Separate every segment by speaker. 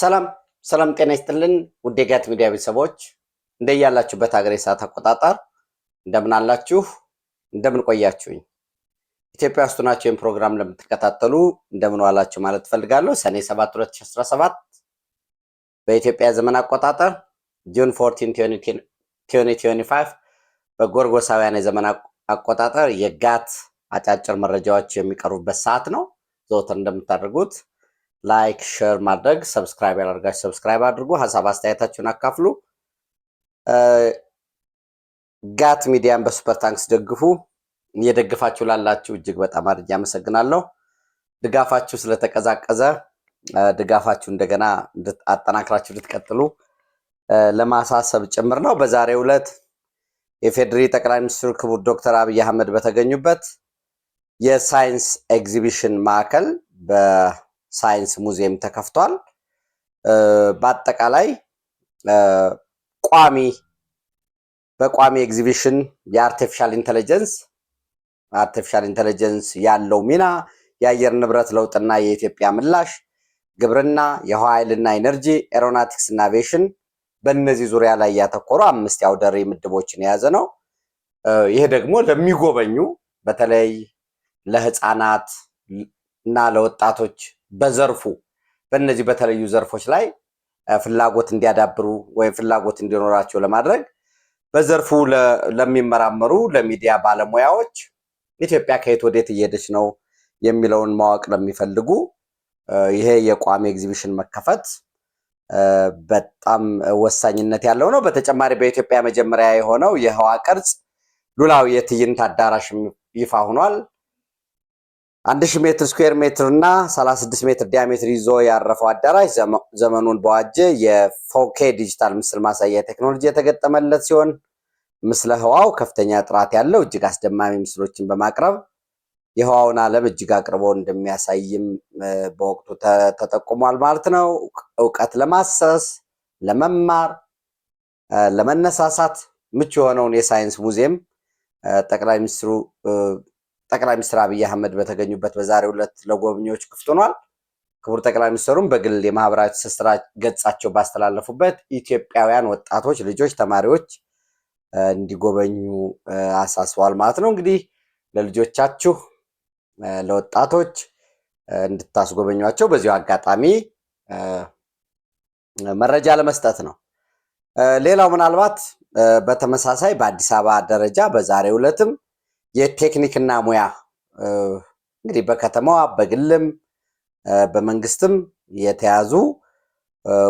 Speaker 1: ሰላም ሰላም፣ ጤና ይስጥልን ውድ የጋት ሚዲያ ቤተሰቦች እንደያላችሁበት ሀገር የሰዓት አቆጣጠር እንደምን አላችሁ? እንደምን ቆያችሁኝ? ኢትዮጵያ ውስጥ ናችሁ ይህን ፕሮግራም ለምትከታተሉ እንደምን ዋላችሁ ማለት እፈልጋለሁ። ሰኔ 7 2017 በኢትዮጵያ ዘመን አቆጣጠር ጁን 14 2025 በጎርጎሳውያን የዘመን አቆጣጠር የጋት አጫጭር መረጃዎች የሚቀርቡበት ሰዓት ነው። ዘወትር እንደምታደርጉት ላይክ፣ ሼር ማድረግ ሰብስክራይብ ያደርጋችሁ ሰብስክራይብ አድርጉ። ሀሳብ አስተያየታችሁን አካፍሉ። ጋት ሚዲያን በሱፐር ታንክስ ደግፉ። እየደግፋችሁ ላላችሁ እጅግ በጣም አድርጌ አመሰግናለሁ። ድጋፋችሁ ስለተቀዛቀዘ ድጋፋችሁ እንደገና አጠናክራችሁ እንድትቀጥሉ ለማሳሰብ ጭምር ነው። በዛሬው ዕለት የፌዴሪ ጠቅላይ ሚኒስትሩ ክቡር ዶክተር አብይ አህመድ በተገኙበት የሳይንስ ኤግዚቢሽን ማዕከል ሳይንስ ሙዚየም ተከፍቷል። በአጠቃላይ ቋሚ በቋሚ ኤግዚቢሽን የአርቲፊሻል ኢንተለጀንስ አርቲፊሻል ኢንቴሊጀንስ ያለው ሚና የአየር ንብረት ለውጥና የኢትዮጵያ ምላሽ፣ ግብርና፣ የውሃ ኃይልና ኤነርጂ፣ ኤሮናቲክስ እና አቪዬሽን በእነዚህ ዙሪያ ላይ ያተኮሩ አምስት የአውደ ርዕይ ምድቦችን የያዘ ነው። ይሄ ደግሞ ለሚጎበኙ በተለይ ለህፃናት እና ለወጣቶች በዘርፉ በእነዚህ በተለዩ ዘርፎች ላይ ፍላጎት እንዲያዳብሩ ወይም ፍላጎት እንዲኖራቸው ለማድረግ በዘርፉ ለሚመራመሩ ለሚዲያ ባለሙያዎች ኢትዮጵያ ከየት ወዴት እየሄደች ነው የሚለውን ማወቅ ለሚፈልጉ ይሄ የቋሚ ኤግዚቢሽን መከፈት በጣም ወሳኝነት ያለው ነው። በተጨማሪ በኢትዮጵያ መጀመሪያ የሆነው የህዋ ቅርጽ ሉላዊ የትዕይንት አዳራሽ ይፋ ሆኗል። 1000 ሜትር ስኩዌር ሜትር እና 36 ሜትር ዲያሜትር ይዞ ያረፈው አዳራሽ ዘመኑን በዋጀ የፎኬ ዲጂታል ምስል ማሳያ ቴክኖሎጂ የተገጠመለት ሲሆን ምስለ ህዋው ከፍተኛ ጥራት ያለው እጅግ አስደማሚ ምስሎችን በማቅረብ የህዋውን ዓለም እጅግ አቅርቦ እንደሚያሳይም በወቅቱ ተጠቁሟል ማለት ነው። እውቀት ለማሰስ ለመማር፣ ለመነሳሳት ምቹ የሆነውን የሳይንስ ሙዚየም ጠቅላይ ሚኒስትሩ ጠቅላይ ሚኒስትር አብይ አህመድ በተገኙበት በዛሬው ዕለት ለጎብኚዎች ክፍት ሆኗል። ክቡር ጠቅላይ ሚኒስትሩም በግል የማህበራዊ ትስስር ገጻቸው ባስተላለፉበት ኢትዮጵያውያን ወጣቶች፣ ልጆች፣ ተማሪዎች እንዲጎበኙ አሳስበዋል ማለት ነው። እንግዲህ ለልጆቻችሁ ለወጣቶች እንድታስጎበኟቸው በዚሁ አጋጣሚ መረጃ ለመስጠት ነው። ሌላው ምናልባት በተመሳሳይ በአዲስ አበባ ደረጃ በዛሬው ዕለትም የቴክኒክና ሙያ እንግዲህ በከተማዋ በግልም በመንግስትም የተያዙ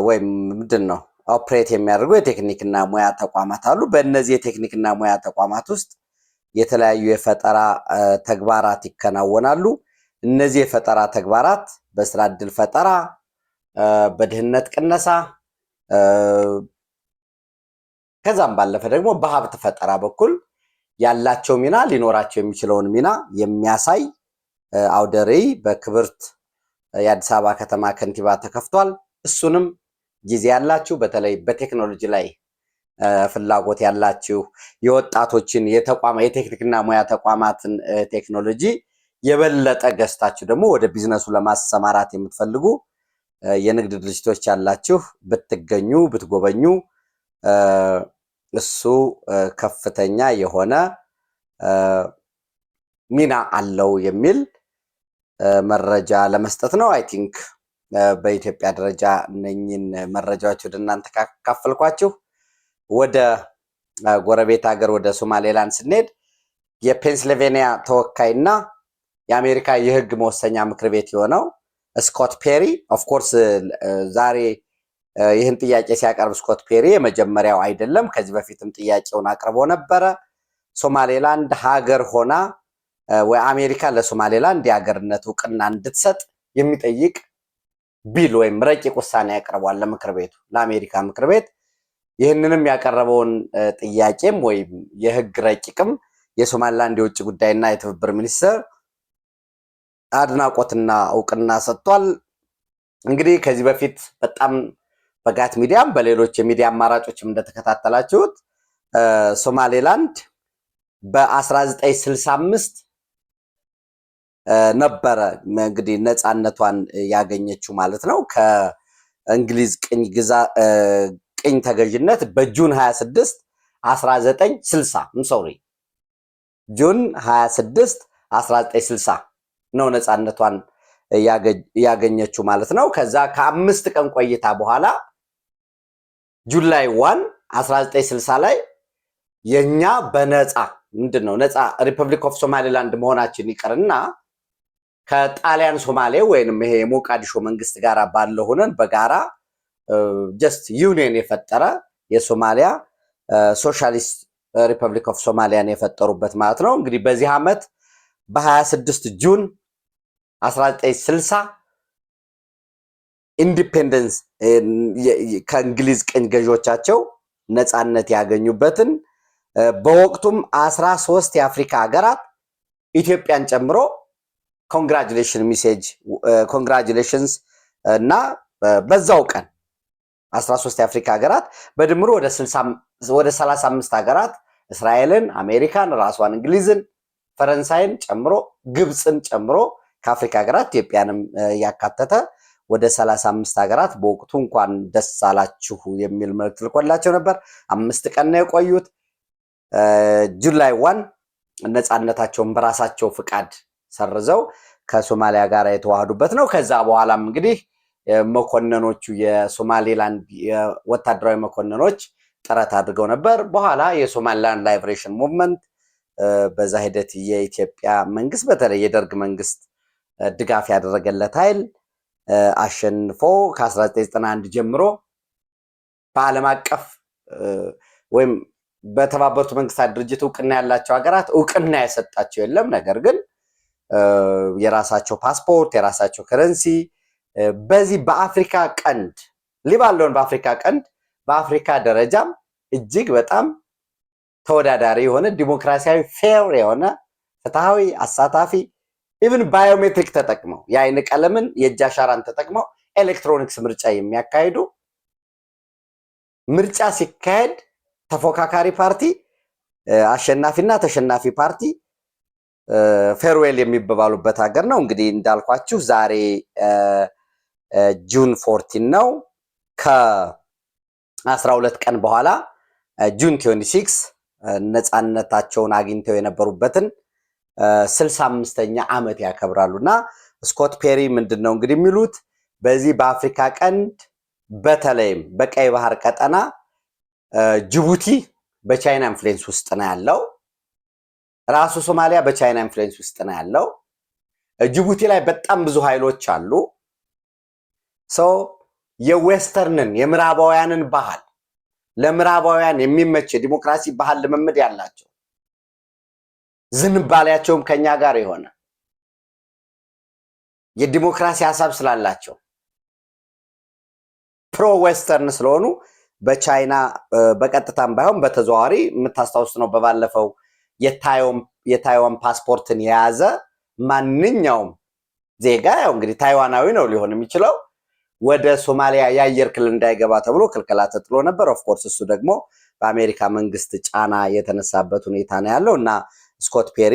Speaker 1: ወይም ምንድን ነው ኦፕሬት የሚያደርጉ የቴክኒክና ሙያ ተቋማት አሉ። በእነዚህ የቴክኒክና ሙያ ተቋማት ውስጥ የተለያዩ የፈጠራ ተግባራት ይከናወናሉ። እነዚህ የፈጠራ ተግባራት በስራ እድል ፈጠራ፣ በድህነት ቅነሳ ከዛም ባለፈ ደግሞ በሀብት ፈጠራ በኩል ያላቸው ሚና ሊኖራቸው የሚችለውን ሚና የሚያሳይ አውደ ርዕይ በክብርት የአዲስ አበባ ከተማ ከንቲባ ተከፍቷል። እሱንም ጊዜ ያላችሁ በተለይ በቴክኖሎጂ ላይ ፍላጎት ያላችሁ የወጣቶችን የተቋማ የቴክኒክና ሙያ ተቋማትን ቴክኖሎጂ የበለጠ ገዝታችሁ ደግሞ ወደ ቢዝነሱ ለማሰማራት የምትፈልጉ የንግድ ድርጅቶች ያላችሁ ብትገኙ ብትጎበኙ እሱ ከፍተኛ የሆነ ሚና አለው የሚል መረጃ ለመስጠት ነው። አይ ቲንክ በኢትዮጵያ ደረጃ እነኝን መረጃዎች ወደ እናንተ ካካፈልኳችሁ፣ ወደ ጎረቤት ሀገር ወደ ሶማሌላንድ ስንሄድ የፔንስልቬኒያ ተወካይና የአሜሪካ የሕግ መወሰኛ ምክር ቤት የሆነው ስኮት ፔሪ ኦፍኮርስ ዛሬ ይህን ጥያቄ ሲያቀርብ ስኮት ፔሪ የመጀመሪያው አይደለም። ከዚህ በፊትም ጥያቄውን አቅርቦ ነበረ። ሶማሌላንድ ሀገር ሆና ወይ አሜሪካ ለሶማሌላንድ የሀገርነት እውቅና እንድትሰጥ የሚጠይቅ ቢል ወይም ረቂቅ ውሳኔ ያቀርቧል ለምክር ቤቱ ለአሜሪካ ምክር ቤት። ይህንንም ያቀረበውን ጥያቄም ወይም የህግ ረቂቅም የሶማሌላንድ የውጭ ጉዳይና የትብብር ሚኒስትር አድናቆትና እውቅና ሰጥቷል። እንግዲህ ከዚህ በፊት በጣም በጋት ሚዲያም በሌሎች የሚዲያ አማራጮችም እንደተከታተላችሁት ሶማሌላንድ በ1965 ነበረ እንግዲህ ነፃነቷን ያገኘችው ማለት ነው ከእንግሊዝ ቅኝ ግዛ ቅኝ ተገዥነት በጁን 26 1960 ሶሪ ጁን 26 1960 ነው ነፃነቷን ያገኘችው ማለት ነው። ከዛ ከአምስት ቀን ቆይታ በኋላ ጁላይ ዋን 1960 ላይ የኛ በነፃ ምንድን ነው ነፃ ሪፐብሊክ ኦፍ ሶማሌላንድ መሆናችን ይቅርና ከጣሊያን ሶማሌ ወይንም ይሄ የሞቃዲሾ መንግስት ጋር ባለ ሆነን በጋራ ጀስት ዩኒየን የፈጠረ የሶማሊያ ሶሻሊስት ሪፐብሊክ ኦፍ ሶማሊያን የፈጠሩበት ማለት ነው። እንግዲህ በዚህ ዓመት በ26 ጁን 1960 ኢንዲፔንደንስ ከእንግሊዝ ቅኝ ገዢዎቻቸው ነፃነት ያገኙበትን በወቅቱም አስራ ሶስት የአፍሪካ ሀገራት ኢትዮጵያን ጨምሮ ኮንግራጁሌሽን ሚሴጅ ኮንግራጁሌሽንስ እና በዛው ቀን 13 የአፍሪካ ሀገራት በድምሩ ወደ 35 ሀገራት እስራኤልን፣ አሜሪካን፣ ራሷን እንግሊዝን፣ ፈረንሳይን ጨምሮ ግብፅን ጨምሮ ከአፍሪካ ሀገራት ኢትዮጵያንም ያካተተ ወደ 35 ሀገራት በወቅቱ እንኳን ደስ አላችሁ የሚል መልእክት ልኮላቸው ነበር። አምስት ቀን ነው የቆዩት። ጁላይ ዋን ነፃነታቸውን በራሳቸው ፍቃድ ሰርዘው ከሶማሊያ ጋር የተዋህዱበት ነው። ከዛ በኋላም እንግዲህ መኮንኖቹ የሶማሌላንድ ወታደራዊ መኮንኖች ጥረት አድርገው ነበር። በኋላ የሶማሊላንድ ላይብሬሽን ሙቭመንት በዛ ሂደት የኢትዮጵያ መንግስት በተለይ የደርግ መንግስት ድጋፍ ያደረገለት ኃይል አሸንፎ ከ1991 ጀምሮ በዓለም አቀፍ ወይም በተባበሩት መንግስታት ድርጅት እውቅና ያላቸው ሀገራት እውቅና የሰጣቸው የለም። ነገር ግን የራሳቸው ፓስፖርት፣ የራሳቸው ከረንሲ በዚህ በአፍሪካ ቀንድ ሊባለውን በአፍሪካ ቀንድ በአፍሪካ ደረጃም እጅግ በጣም ተወዳዳሪ የሆነ ዲሞክራሲያዊ ፌር የሆነ ፍትሐዊ አሳታፊ ኢቭን ባዮሜትሪክ ተጠቅመው የአይን ቀለምን የእጅ አሻራን ተጠቅመው ኤሌክትሮኒክስ ምርጫ የሚያካሂዱ ምርጫ ሲካሄድ ተፎካካሪ ፓርቲ አሸናፊና ተሸናፊ ፓርቲ ፌርዌል የሚባባሉበት ሀገር ነው። እንግዲህ እንዳልኳችሁ ዛሬ ጁን ፎርቲን ነው። ከአስራ ሁለት ቀን በኋላ ጁን ትዌንቲ ሲክስ ነፃነታቸውን አግኝተው የነበሩበትን ስልሳ አምስተኛ ዓመት ያከብራሉ እና ስኮት ፔሪ ምንድን ነው እንግዲህ የሚሉት በዚህ በአፍሪካ ቀንድ በተለይም በቀይ ባህር ቀጠና ጅቡቲ በቻይና ኢንፍሉዌንስ ውስጥ ነው ያለው። ራሱ ሶማሊያ በቻይና ኢንፍሉዌንስ ውስጥ ነው ያለው። ጅቡቲ ላይ በጣም ብዙ ኃይሎች አሉ። ሰው የዌስተርንን የምዕራባውያንን ባህል ለምዕራባውያን የሚመች የዲሞክራሲ ባህል ልምምድ ያላቸው ዝንባሌያቸውም ከኛ ጋር የሆነ የዲሞክራሲ ሀሳብ ስላላቸው ፕሮ ዌስተርን ስለሆኑ በቻይና በቀጥታም ባይሆን በተዘዋዋሪ የምታስታውስ ነው። በባለፈው የታይዋን ፓስፖርትን የያዘ ማንኛውም ዜጋ ያው እንግዲህ ታይዋናዊ ነው ሊሆን የሚችለው ወደ ሶማሊያ የአየር ክልል እንዳይገባ ተብሎ ክልከላ ተጥሎ ነበር። ኦፍኮርስ እሱ ደግሞ በአሜሪካ መንግስት ጫና የተነሳበት ሁኔታ ነው ያለው እና ስኮት ፔሪ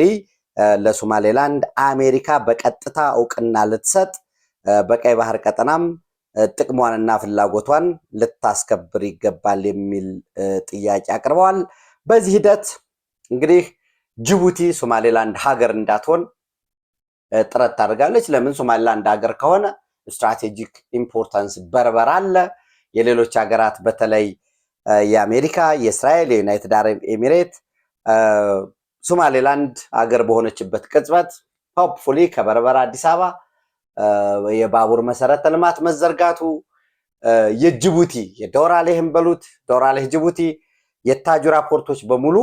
Speaker 1: ለሶማሌላንድ አሜሪካ በቀጥታ እውቅና ልትሰጥ በቀይ ባህር ቀጠናም ጥቅሟንና ፍላጎቷን ልታስከብር ይገባል የሚል ጥያቄ አቅርበዋል። በዚህ ሂደት እንግዲህ ጅቡቲ ሶማሌላንድ ሀገር እንዳትሆን ጥረት ታደርጋለች። ለምን? ሶማሌላንድ ሀገር ከሆነ ስትራቴጂክ ኢምፖርታንስ በርበር አለ። የሌሎች ሀገራት በተለይ የአሜሪካ፣ የእስራኤል፣ የዩናይትድ አረብ ኤሚሬት ሶማሌላንድ አገር በሆነችበት ቅጽበት ሆፕፉሊ ከበርበራ አዲስ አበባ የባቡር መሰረተ ልማት መዘርጋቱ የጅቡቲ የዶራሌህን በሉት ዶራሌህ ጅቡቲ የታጁ ራፖርቶች በሙሉ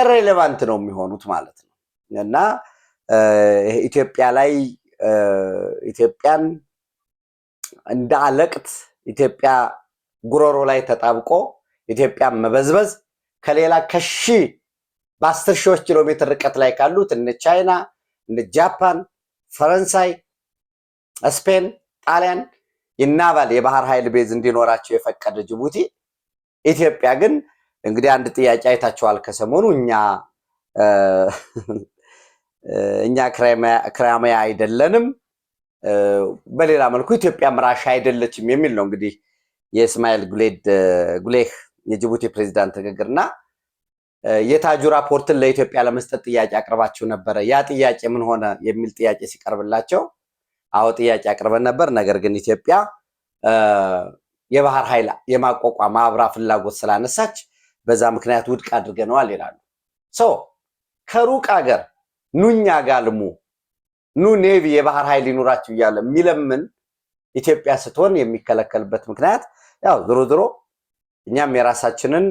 Speaker 1: ኤሬሌቫንት ነው የሚሆኑት ማለት ነው እና ኢትዮጵያ ላይ ኢትዮጵያን እንደ አለቅት ኢትዮጵያ ጉሮሮ ላይ ተጣብቆ ኢትዮጵያን መበዝበዝ ከሌላ ከሺ በአስር ሺዎች ኪሎ ሜትር ርቀት ላይ ካሉት እነ ቻይና፣ እነ ጃፓን፣ ፈረንሳይ፣ ስፔን፣ ጣሊያን ይናባል የባህር ኃይል ቤዝ እንዲኖራቸው የፈቀደ ጅቡቲ። ኢትዮጵያ ግን እንግዲህ አንድ ጥያቄ አይታቸዋል ከሰሞኑ እኛ እኛ ክራይሚያ አይደለንም፣ በሌላ መልኩ ኢትዮጵያም ራሻ አይደለችም የሚል ነው እንግዲህ የእስማኤል ጉሌህ የጅቡቲ ፕሬዚዳንት ንግግርና የታጁ ራፖርትን ለኢትዮጵያ ለመስጠት ጥያቄ አቅርባችሁ ነበረ። ያ ጥያቄ ምን ሆነ የሚል ጥያቄ ሲቀርብላቸው አዎ ጥያቄ አቅርበን ነበር፣ ነገር ግን ኢትዮጵያ የባህር ኃይል የማቋቋም አብራ ፍላጎት ስላነሳች በዛ ምክንያት ውድቅ አድርገነዋል ይላሉ። ከሩቅ ሀገር ኑኛ ጋልሙ ኑ ኔቪ የባህር ኃይል ይኑራችሁ እያለ የሚለምን ኢትዮጵያ ስትሆን የሚከለከልበት ምክንያት ያው ዝሮ ዝሮ እኛም የራሳችንን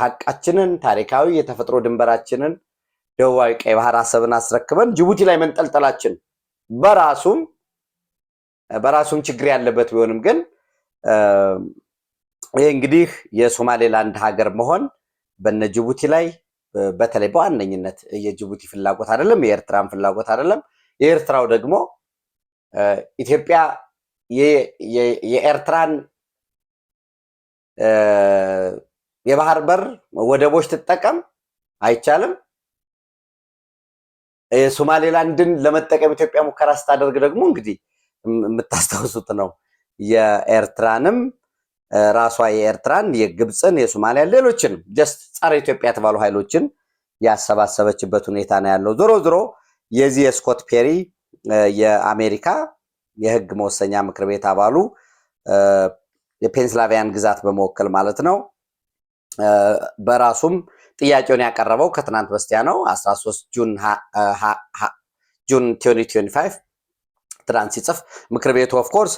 Speaker 1: ሀቃችንን ታሪካዊ የተፈጥሮ ድንበራችንን ደቡባዊ ቀይ ባህር አሰብን አስረክበን ጅቡቲ ላይ መንጠልጠላችን በራሱም በራሱም ችግር ያለበት ቢሆንም ግን ይህ እንግዲህ የሶማሌላንድ ሀገር መሆን በነ ጅቡቲ ላይ በተለይ በዋነኝነት የጅቡቲ ፍላጎት አይደለም፣ የኤርትራን ፍላጎት አይደለም። የኤርትራው ደግሞ ኢትዮጵያ የኤርትራን የባህር በር ወደቦች ትጠቀም አይቻልም። የሶማሌላንድን ለመጠቀም ኢትዮጵያ ሙከራ ስታደርግ ደግሞ እንግዲህ የምታስታውሱት ነው። የኤርትራንም ራሷ የኤርትራን የግብፅን፣ የሶማሊያ ሌሎችን ጀስት ጸረ ኢትዮጵያ የተባሉ ኃይሎችን ያሰባሰበችበት ሁኔታ ነው ያለው። ዞሮ ዞሮ የዚህ የስኮት ፔሪ የአሜሪካ የህግ መወሰኛ ምክር ቤት አባሉ የፔንስላቪያን ግዛት በመወከል ማለት ነው በራሱም ጥያቄውን ያቀረበው ከትናንት በስቲያ ነው 13 ጁን 2025 ትናንት ሲጽፍ ምክር ቤቱ ኦፍኮርስ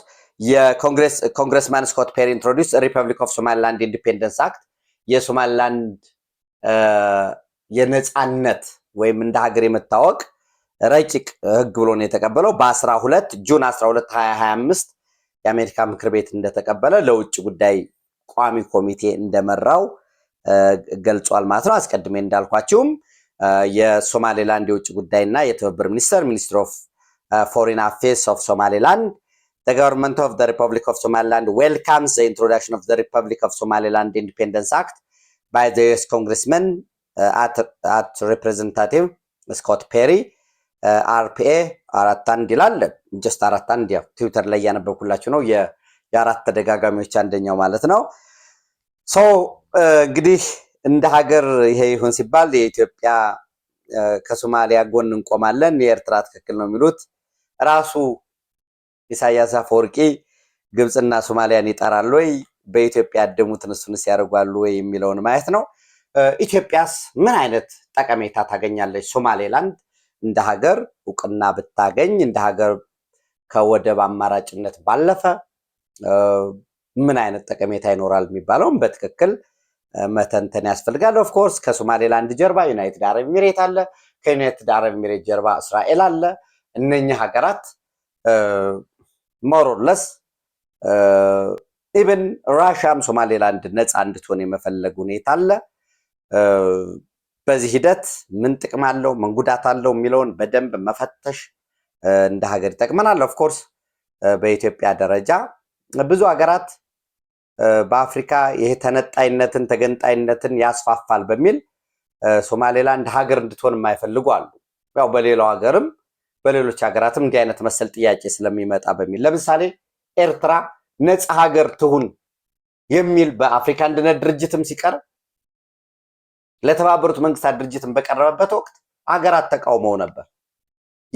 Speaker 1: የኮንግረስማን ስኮት ፔር ኢንትሮዲስ ሪፐብሊክ ኦፍ ሶማሊላንድ ኢንዲፔንደንስ አክት የሶማሊላንድ የነፃነት ወይም እንደ ሀገር የመታወቅ ረቂቅ ህግ ብሎ ነው የተቀበለው። በ12 ጁን 12 2025 የአሜሪካ ምክር ቤት እንደተቀበለ ለውጭ ጉዳይ ቋሚ ኮሚቴ እንደመራው ገልጿል ማለት ነው። አስቀድሜ እንዳልኳችሁም የሶማሌላንድ የውጭ ጉዳይና የትብብር ሚኒስተር ሚኒስትር ኦፍ ፎሪን አፌርስ ኦፍ ሶማሌላንድ ዘ ገቨርንመንት ኦፍ ዘ ሪፐብሊክ ኦፍ ሶማሌላንድ ዌልካምስ ዘ ኢንትሮዳክሽን ኦፍ ዘ ሪፐብሊክ ኦፍ ሶማሌላንድ ኢንዲፔንደንስ አክት ባይ ዘ ዩኤስ ኮንግረስመን አት ሪፕሬዘንታቲቭ ስኮት ፔሪ አርፒኤ አራት አንድ ይላል። ጀስት አራት አንድ ያው ትዊተር ላይ እያነበብኩላችሁ ነው። የአራት ተደጋጋሚዎች አንደኛው ማለት ነው። ሶ እንግዲህ እንደ ሀገር ይሄ ይሁን ሲባል የኢትዮጵያ ከሶማሊያ ጎን እንቆማለን፣ የኤርትራ ትክክል ነው የሚሉት ራሱ ኢሳያስ አፈወርቂ ግብፅና ሶማሊያን ይጠራሉ ወይ በኢትዮጵያ ያደሙትን እሱንስ ያደርጓሉ ወይ የሚለውን ማየት ነው። ኢትዮጵያስ ምን አይነት ጠቀሜታ ታገኛለች? ሶማሌላንድ እንደ ሀገር እውቅና ብታገኝ እንደ ሀገር ከወደብ አማራጭነት ባለፈ ምን አይነት ጠቀሜታ ይኖራል የሚባለውን በትክክል መተንተን ያስፈልጋል። ኦፍኮርስ ከሶማሌላንድ ጀርባ ዩናይትድ አረብ ኤሚሬት አለ። ከዩናይትድ አረብ ኤሚሬት ጀርባ እስራኤል አለ። እነኛ ሀገራት ሞሮለስ ኢቨን ራሻም ሶማሌላንድ ነፃ እንድትሆን የመፈለግ ሁኔታ አለ። በዚህ ሂደት ምን ጥቅም አለው፣ ምን ጉዳት አለው የሚለውን በደንብ መፈተሽ እንደ ሀገር ይጠቅመናል። ኦፍኮርስ በኢትዮጵያ ደረጃ ብዙ ሀገራት በአፍሪካ ይሄ ተነጣይነትን ተገንጣይነትን ያስፋፋል በሚል ሶማሌላንድ ሀገር እንድትሆን የማይፈልጉ አሉ። ያው በሌላው ሀገርም በሌሎች ሀገራትም እንዲህ አይነት መሰል ጥያቄ ስለሚመጣ በሚል ለምሳሌ ኤርትራ ነፃ ሀገር ትሁን የሚል በአፍሪካ አንድነት ድርጅትም ሲቀርብ ለተባበሩት መንግስታት ድርጅትም በቀረበበት ወቅት ሀገራት ተቃውመው ነበር።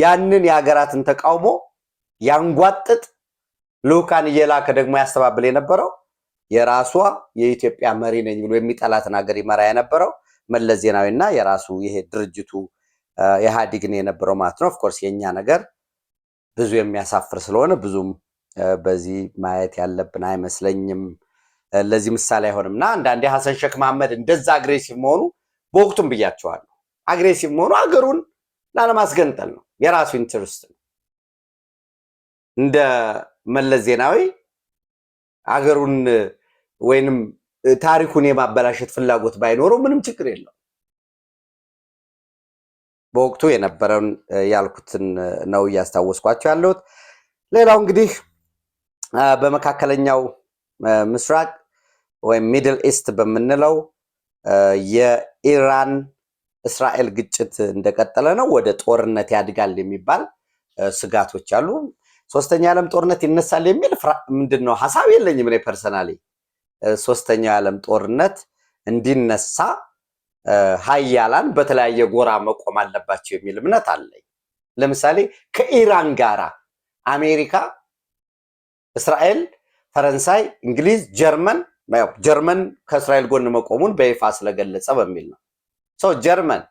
Speaker 1: ያንን የሀገራትን ተቃውሞ ያንጓጥጥ ልዑካን እየላከ ደግሞ ያስተባብል የነበረው የራሷ የኢትዮጵያ መሪ ነኝ ብሎ የሚጠላትን ሀገር ይመራ የነበረው መለስ ዜናዊና የራሱ ይሄ ድርጅቱ ኢህአዲግን የነበረው ማለት ነው። ኦፍኮርስ የእኛ ነገር ብዙ የሚያሳፍር ስለሆነ ብዙም በዚህ ማየት ያለብን አይመስለኝም። ለዚህ ምሳሌ አይሆንም እና አንዳንዴ ሀሰን ሼክ መሐመድ እንደዛ አግሬሲቭ መሆኑ በወቅቱም ብያቸዋለሁ። አግሬሲቭ መሆኑ አገሩን ላለማስገንጠል ነው፣ የራሱ ኢንትርስት ነው። እንደ መለስ ዜናዊ አገሩን ወይንም ታሪኩን የማበላሸት ፍላጎት ባይኖረው ምንም ችግር የለው። በወቅቱ የነበረውን ያልኩትን ነው እያስታወስኳቸው ያለሁት። ሌላው እንግዲህ በመካከለኛው ምስራቅ ወይም ሚድል ኢስት በምንለው የኢራን እስራኤል ግጭት እንደቀጠለ ነው። ወደ ጦርነት ያድጋል የሚባል ስጋቶች አሉ። ሶስተኛ ዓለም ጦርነት ይነሳል የሚል ምንድን ነው ሀሳብ የለኝም። እኔ ፐርሰናሊ ሶስተኛ ዓለም ጦርነት እንዲነሳ ሀያላን በተለያየ ጎራ መቆም አለባቸው የሚል እምነት አለኝ። ለምሳሌ ከኢራን ጋራ አሜሪካ፣ እስራኤል፣ ፈረንሳይ፣ እንግሊዝ፣ ጀርመን ጀርመን ከእስራኤል ጎን መቆሙን በይፋ ስለገለጸ በሚል ነው ሰው ጀርመን፣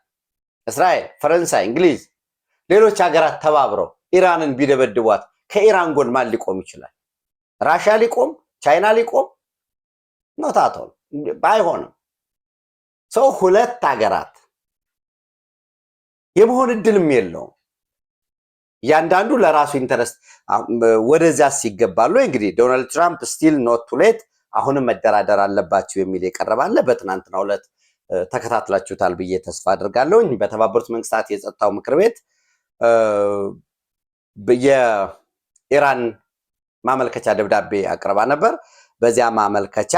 Speaker 1: እስራኤል፣ ፈረንሳይ፣ እንግሊዝ ሌሎች ሀገራት ተባብረው ኢራንን ቢደበድቧት ከኢራን ጎን ማን ሊቆም ይችላል? ራሻ ሊቆም፣ ቻይና ሊቆም ኖታቶል አይሆንም። ሰው ሁለት ሀገራት የመሆን እድልም የለውም። እያንዳንዱ ለራሱ ኢንተረስት ወደዚያ ሲገባሉ እንግዲህ ዶናልድ ትራምፕ ስቲል ኖት ቱ ሌት አሁንም መደራደር አለባቸው የሚል የቀረባለ በትናንትናው ዕለት ተከታትላችሁታል ብዬ ተስፋ አድርጋለሁኝ። በተባበሩት መንግስታት የጸጥታው ምክር ቤት ኢራን ማመልከቻ ደብዳቤ አቅርባ ነበር። በዚያ ማመልከቻ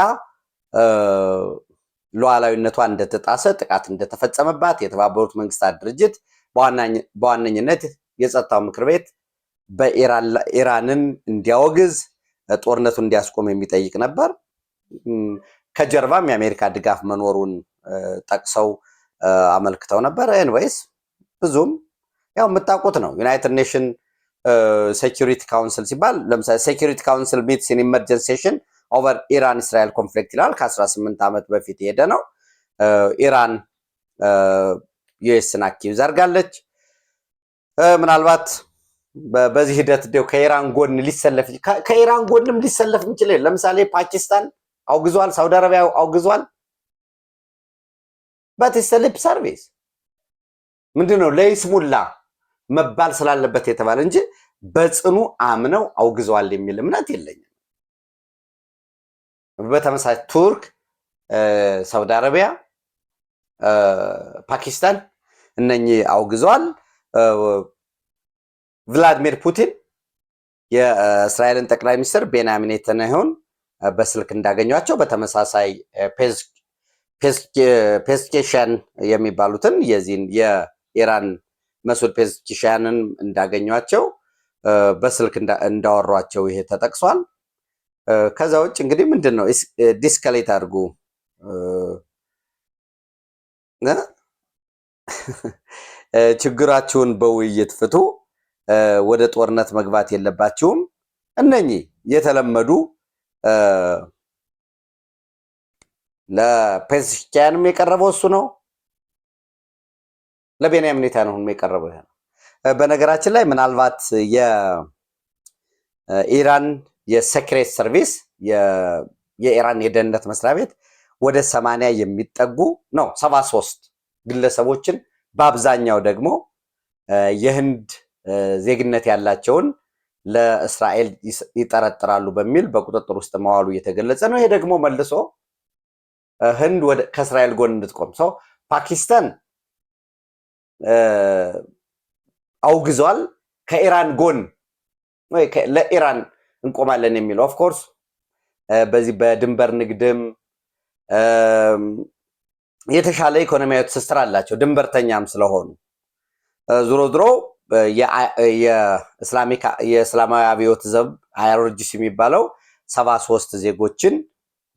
Speaker 1: ሉዓላዊነቷ እንደተጣሰ፣ ጥቃት እንደተፈጸመባት የተባበሩት መንግስታት ድርጅት በዋነኝነት የጸጥታው ምክር ቤት በኢራንን እንዲያወግዝ ጦርነቱን እንዲያስቆም የሚጠይቅ ነበር። ከጀርባም የአሜሪካ ድጋፍ መኖሩን ጠቅሰው አመልክተው ነበር። ኤንዌይስ ብዙም ያው የምታውቁት ነው ዩናይትድ ኔሽን ሴኪሪቲ ካውንስል ሲባል ለምሳሌ ሴኪሪቲ ካውንስል ሚትስ ኢን ኢመርጀንሲ ሴሽን ኦቨር ኢራን እስራኤል ኮንፍሊክት ይላል። ከ18 ዓመት በፊት የሄደ ነው። ኢራን ዩኤስን አኪዩዝ አድርጋለች። ምናልባት በዚህ ሂደት ው ከኢራን ጎን ሊሰለፍ ከኢራን ጎንም ሊሰለፍ የሚችል ለምሳሌ ፓኪስታን አውግዟል፣ ሳውዲ አረቢያ አውግዟል። በት ሊፕ ሰርቪስ ምንድን ነው ለይስሙላ መባል ስላለበት የተባለ እንጂ በጽኑ አምነው አውግዘዋል የሚል እምነት የለኝም። በተመሳሳይ ቱርክ፣ ሳውዲ አረቢያ፣ ፓኪስታን እነኚህ አውግዘዋል። ቭላድሚር ፑቲን የእስራኤልን ጠቅላይ ሚኒስትር ቤንያሚን ኔታንያሁን በስልክ እንዳገኟቸው በተመሳሳይ ፔስኬሽን የሚባሉትን የዚህን የኢራን መሱድ ፔዝኪሻያንን እንዳገኟቸው በስልክ እንዳወሯቸው ይሄ ተጠቅሷል። ከዛ ውጭ እንግዲህ ምንድን ነው ዲስከሌት አድርጉ ችግራችሁን በውይይት ፍቱ። ወደ ጦርነት መግባት የለባችሁም። እነኚህ የተለመዱ ለፔዝኪሻያንም የቀረበው እሱ ነው። ለቤንያሚን ኔታንያሁ የቀረበው ይሄ ነው። በነገራችን ላይ ምናልባት የኢራን የሴክሬት ሰርቪስ የኢራን የደህንነት መስሪያ ቤት ወደ ሰማንያ የሚጠጉ ነው ሰባ ሶስት ግለሰቦችን በአብዛኛው ደግሞ የህንድ ዜግነት ያላቸውን ለእስራኤል ይጠረጥራሉ በሚል በቁጥጥር ውስጥ መዋሉ እየተገለጸ ነው። ይሄ ደግሞ መልሶ ህንድ ከእስራኤል ጎን እንድትቆም ሰው ፓኪስታን አውግዟል። ከኢራን ጎን ለኢራን እንቆማለን የሚለው ኦፍኮርስ በዚህ በድንበር ንግድም የተሻለ ኢኮኖሚያዊ ትስስር አላቸው ድንበርተኛም ስለሆኑ ዞሮ ዞሮ የእስላማዊ አብዮት ዘብ አይሮጂስ የሚባለው ሰባ ሶስት ዜጎችን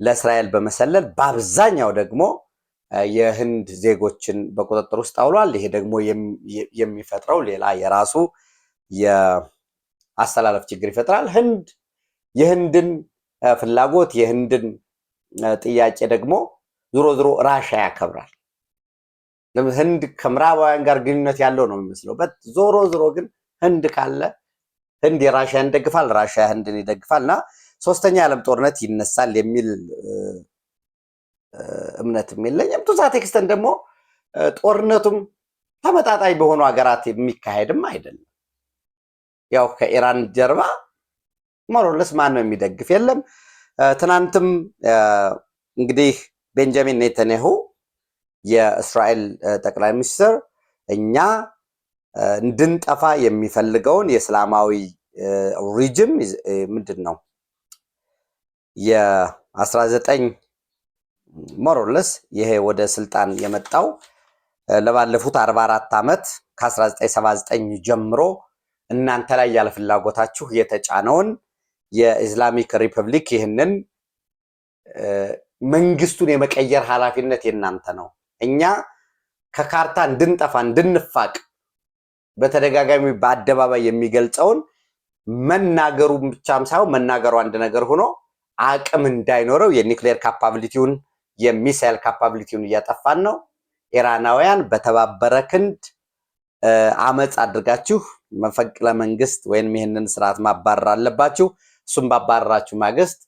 Speaker 1: ለእስራኤል በመሰለል በአብዛኛው ደግሞ የህንድ ዜጎችን በቁጥጥር ውስጥ አውሏል። ይሄ ደግሞ የሚፈጥረው ሌላ የራሱ የአስተላለፍ ችግር ይፈጥራል። ህንድ የህንድን ፍላጎት የህንድን ጥያቄ ደግሞ ዞሮ ዞሮ ራሻ ያከብራል። ህንድ ከምዕራባውያን ጋር ግንኙነት ያለው ነው የሚመስለው። በት ዞሮ ዞሮ ግን ህንድ ካለ ህንድ የራሻን ይደግፋል፣ ራሻ ህንድን ይደግፋል እና ሶስተኛ የዓለም ጦርነት ይነሳል የሚል እምነትም የለኝም። ቱዛ ቴክስተን ደግሞ ጦርነቱም ተመጣጣኝ በሆኑ ሀገራት የሚካሄድም አይደለም። ያው ከኢራን ጀርባ ሞሮለስ ማን ነው የሚደግፍ የለም። ትናንትም እንግዲህ ቤንጃሚን ኔተንያሁ የእስራኤል ጠቅላይ ሚኒስትር እኛ እንድንጠፋ የሚፈልገውን የእስላማዊ ሪጅም ምንድን ነው የ19 ሞሮለስ ይሄ ወደ ስልጣን የመጣው ለባለፉት 44 ዓመት ከ1979 ጀምሮ እናንተ ላይ ያለ ፍላጎታችሁ የተጫነውን የኢስላሚክ ሪፐብሊክ ይህንን መንግስቱን የመቀየር ኃላፊነት የናንተ ነው። እኛ ከካርታ እንድንጠፋ እንድንፋቅ በተደጋጋሚ በአደባባይ የሚገልጸውን መናገሩ ብቻም ሳይሆን መናገሩ አንድ ነገር ሆኖ አቅም እንዳይኖረው የኒክሌር ካፓብሊቲውን የሚሳይል ካፓቢሊቲውን እያጠፋን ነው። ኢራናውያን በተባበረ ክንድ አመፅ አድርጋችሁ መፈንቅለ መንግስት ወይም ይህንን ስርዓት ማባረር አለባችሁ። እሱም ባባረራችሁ ማግስት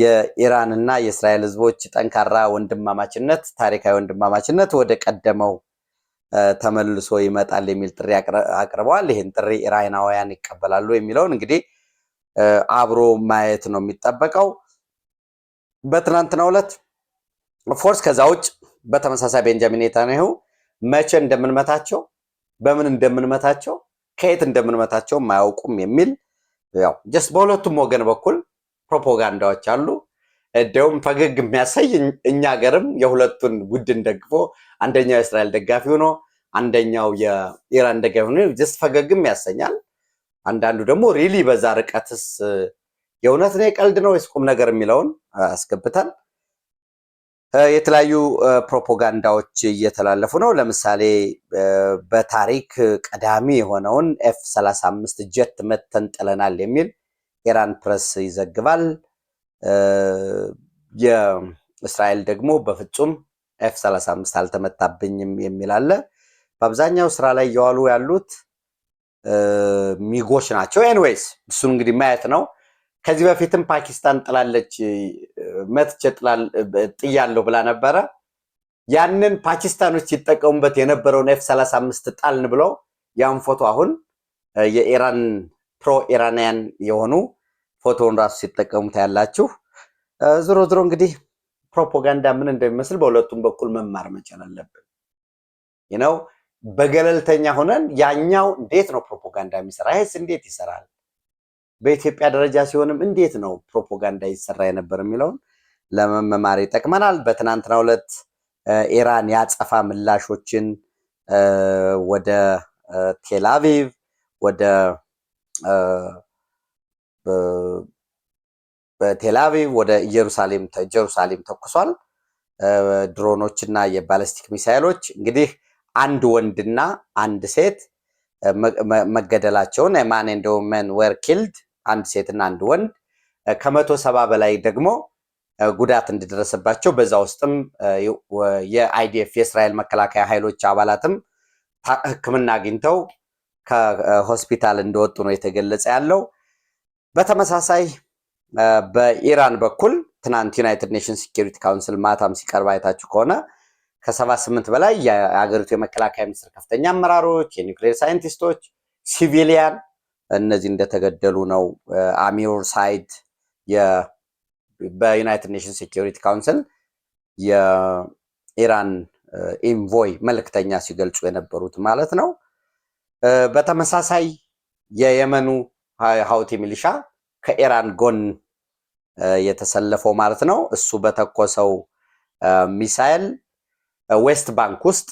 Speaker 1: የኢራንና የእስራኤል ህዝቦች ጠንካራ ወንድማማችነት፣ ታሪካዊ ወንድማማችነት ወደ ቀደመው ተመልሶ ይመጣል የሚል ጥሪ አቅርበዋል። ይህን ጥሪ ኢራናውያን ይቀበላሉ የሚለውን እንግዲህ አብሮ ማየት ነው የሚጠበቀው። በትናንትናው ዕለት ኦፍኮርስ ከዛ ውጭ በተመሳሳይ ቤንጃሚን ኔታንያሁ መቼ እንደምንመታቸው በምን እንደምንመታቸው ከየት እንደምንመታቸው ማያውቁም የሚል ያው ጀስት በሁለቱም ወገን በኩል ፕሮፓጋንዳዎች አሉ። እንደውም ፈገግ የሚያሳይ እኛ ሀገርም የሁለቱን ቡድን ደግፎ አንደኛው የእስራኤል ደጋፊ ሆኖ አንደኛው የኢራን ደጋፊ ሆኖ ጀስት ፈገግም ያሰኛል። አንዳንዱ ደግሞ ሪሊ በዛ ርቀትስ የእውነት ነው የቀልድ ነው ወይስ ቁም ነገር የሚለውን አስገብተን የተለያዩ ፕሮፓጋንዳዎች እየተላለፉ ነው። ለምሳሌ በታሪክ ቀዳሚ የሆነውን ኤፍ 35 ጀት መተን ጥለናል የሚል ኢራን ፕረስ ይዘግባል። የእስራኤል ደግሞ በፍጹም ኤፍ 35 አልተመታብኝም የሚል አለ። በአብዛኛው ስራ ላይ እየዋሉ ያሉት ሚጎች ናቸው። ኤንዌይስ እሱን እንግዲህ ማየት ነው። ከዚህ በፊትም ፓኪስታን ጥላለች መትቼ ጥያለሁ ብላ ነበረ። ያንን ፓኪስታኖች ሲጠቀሙበት የነበረውን ኤፍ 35 ጣልን ብለው ያን ፎቶ አሁን የኢራን ፕሮ ኢራንያን የሆኑ ፎቶውን ራሱ ሲጠቀሙት ያላችሁ። ዝሮ ዝሮ እንግዲህ ፕሮፓጋንዳ ምን እንደሚመስል በሁለቱም በኩል መማር መቻል አለብን። ይነው በገለልተኛ ሆነን ያኛው እንዴት ነው ፕሮፓጋንዳ የሚሰራ ይህስ እንዴት ይሰራል በኢትዮጵያ ደረጃ ሲሆንም እንዴት ነው ፕሮፓጋንዳ ይሰራ የነበር የሚለውን ለመመማር ይጠቅመናል። በትናንትናው ዕለት ኢራን ያጸፋ ምላሾችን ወደ ቴልአቪቭ ወደ በቴልአቪቭ ወደ ኢየሩሳሌም ጀሩሳሌም ተኩሷል። ድሮኖችና የባለስቲክ ሚሳይሎች እንግዲህ አንድ ወንድና አንድ ሴት መገደላቸውን ማን ኤንድ መን ዌር ኪልድ አንድ ሴትና አንድ ወንድ ከመቶ ሰባ በላይ ደግሞ ጉዳት እንደደረሰባቸው በዛ ውስጥም የአይዲኤፍ የእስራኤል መከላከያ ኃይሎች አባላትም ሕክምና አግኝተው ከሆስፒታል እንደወጡ ነው የተገለጸ ያለው። በተመሳሳይ በኢራን በኩል ትናንት ዩናይትድ ኔሽንስ ሴኪሪቲ ካውንስል ማታም ሲቀርብ አይታችሁ ከሆነ ከሰባ ስምንት በላይ የሀገሪቱ የመከላከያ ሚኒስትር ከፍተኛ አመራሮች፣ የኒውክሌር ሳይንቲስቶች፣ ሲቪሊያን እነዚህ እንደተገደሉ ነው። አሚር ሳይድ በዩናይትድ ኔሽንስ ሴኪሪቲ ካውንስል የኢራን ኢንቮይ መልእክተኛ ሲገልጹ የነበሩት ማለት ነው። በተመሳሳይ የየመኑ ሀውቲ ሚሊሻ ከኢራን ጎን የተሰለፈው ማለት ነው። እሱ በተኮሰው ሚሳይል ዌስት ባንክ ውስጥ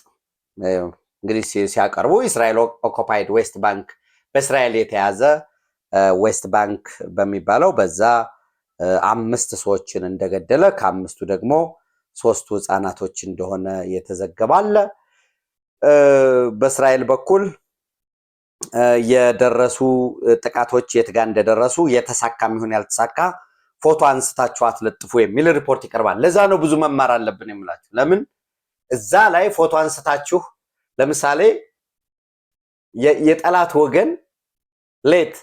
Speaker 1: እንግዲህ ሲያቀርቡ ኢስራኤል ኦኮፓይድ ዌስት ባንክ በእስራኤል የተያዘ ዌስት ባንክ በሚባለው በዛ አምስት ሰዎችን እንደገደለ ከአምስቱ ደግሞ ሶስቱ ህፃናቶች እንደሆነ የተዘገባለ። በእስራኤል በኩል የደረሱ ጥቃቶች የት ጋር እንደደረሱ የተሳካ የሚሆን ያልተሳካ ፎቶ አንስታችሁ አትለጥፉ የሚል ሪፖርት ይቀርባል። ለዛ ነው ብዙ መማር አለብን የምላችሁ። ለምን እዛ ላይ ፎቶ አንስታችሁ ለምሳሌ የጠላት ወገን ሌት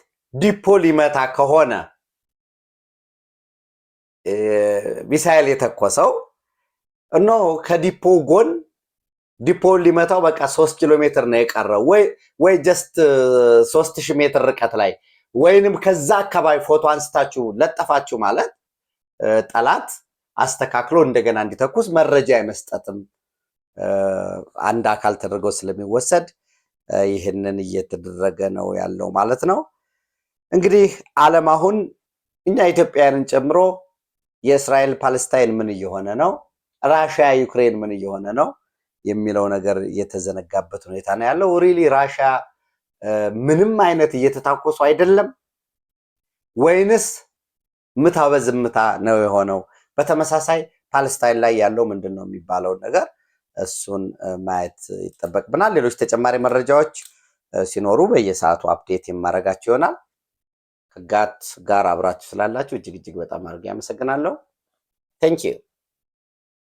Speaker 1: ዲፖ ሊመታ ከሆነ ሚሳኤል የተኮሰው እኖ ከዲፖ ጎን ዲፖ ሊመታው በቃ ሶስት ኪሎ ሜትር ነው የቀረው ወይ ጀስት ሶስት ሺህ ሜትር ርቀት ላይ ወይንም ከዛ አካባቢ ፎቶ አንስታችሁ ለጠፋችሁ ማለት ጠላት አስተካክሎ እንደገና እንዲተኩስ መረጃ አይመስጠትም። አንድ አካል ተደርገው ስለሚወሰድ ይህንን እየተደረገ ነው ያለው ማለት ነው። እንግዲህ ዓለም አሁን እኛ ኢትዮጵያውያንን ጨምሮ የእስራኤል ፓለስታይን ምን እየሆነ ነው፣ ራሽያ ዩክሬን ምን እየሆነ ነው የሚለው ነገር የተዘነጋበት ሁኔታ ነው ያለው። ሪሊ ራሽያ ምንም አይነት እየተታኮሱ አይደለም ወይንስ ምታ በዝምታ ነው የሆነው? በተመሳሳይ ፓለስታይን ላይ ያለው ምንድን ነው የሚባለውን ነገር እሱን ማየት ይጠበቅብናል። ሌሎች ተጨማሪ መረጃዎች ሲኖሩ በየሰዓቱ አፕዴት የማደርጋቸው ይሆናል። ህጋት ጋር አብራችሁ ስላላችሁ እጅግ እጅግ በጣም አድርጌ አመሰግናለሁ። ቴንኪዩ